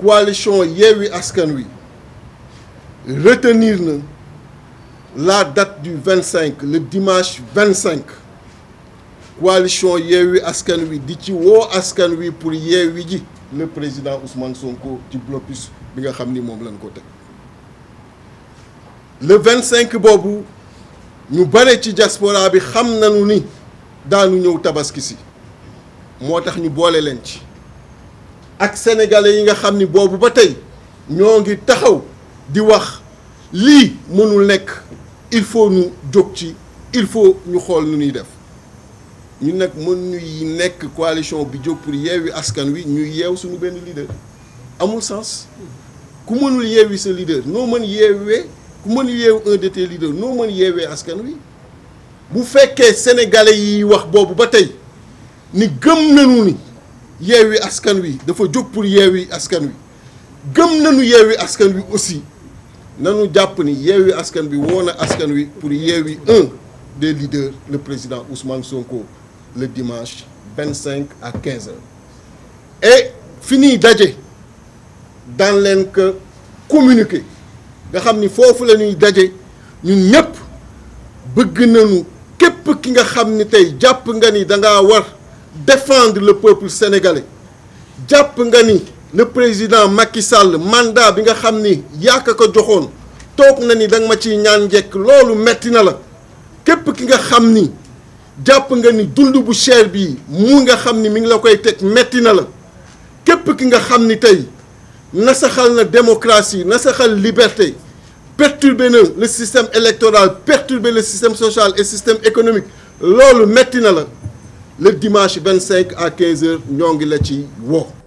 coalition Yewwi Askan Wi retenir na la date du 25 le dimanche 25 coalition Yewwi Askan Wi di ci woo askan wi pour yeewi ji le président Ousmane Sonko ci blocus bi nga xam ni moom lañ ko teg le 25 boobu ñu bare ci diaspora bi xam nañu ni. daanu ñëw tabaski si moo tax ñu boole leen ci ak sénégalais yi nga xam ni boobu ba tey ñoo ngi taxaw di wax lii mënul nekk il faut ñu jóg ci il faut ñu xool nu ñuy def ñu nekk mën ñuy nekk coalition bi jóg pour yeewi askan wi ñu yeew suñu benn leader amul sens ku mënul yeewi sa leader noo mën yeewee ku mën yeew un de noo mën yeewee askan wi bu fekkee sénégalais yi wax boobu ba tey ni gëm nanu ni yeewi askan wi dafa jóg pour yeewi askan wi gëm nañu yeewi askan wi aussi nañu jàpp ni yeewi askan wi woo askan wi pour yeewi un des leaders le président Ousmane Sonko le dimanche vingt cinq à quinze heures fi ñuy daje daan leen ko communiquer nga xam ni foofu la ñuy daje ñun ñëpp bëgg nañu. képp ki nga xam ni tey jàpp nga ni danga war défendre le peuple sénégalais jàpp nga ni le président Macky sàll mandat bi nga xam ni yaaka ko joxoon toog na ni da nga ma ciy ñaan njekk loolu metti na la képp ki nga xam ni jàpp nga ni dund bu cher bii mu nga xam ni mi ngi la koy teg metti na la képp ki nga xam ni tey nasaxal na démocratie nasaxal liberté na le système électoral perturber le système sociale et système économique loolu metti na la le dimanche vingt cinq à quinze heures ñoo ngi la ci woo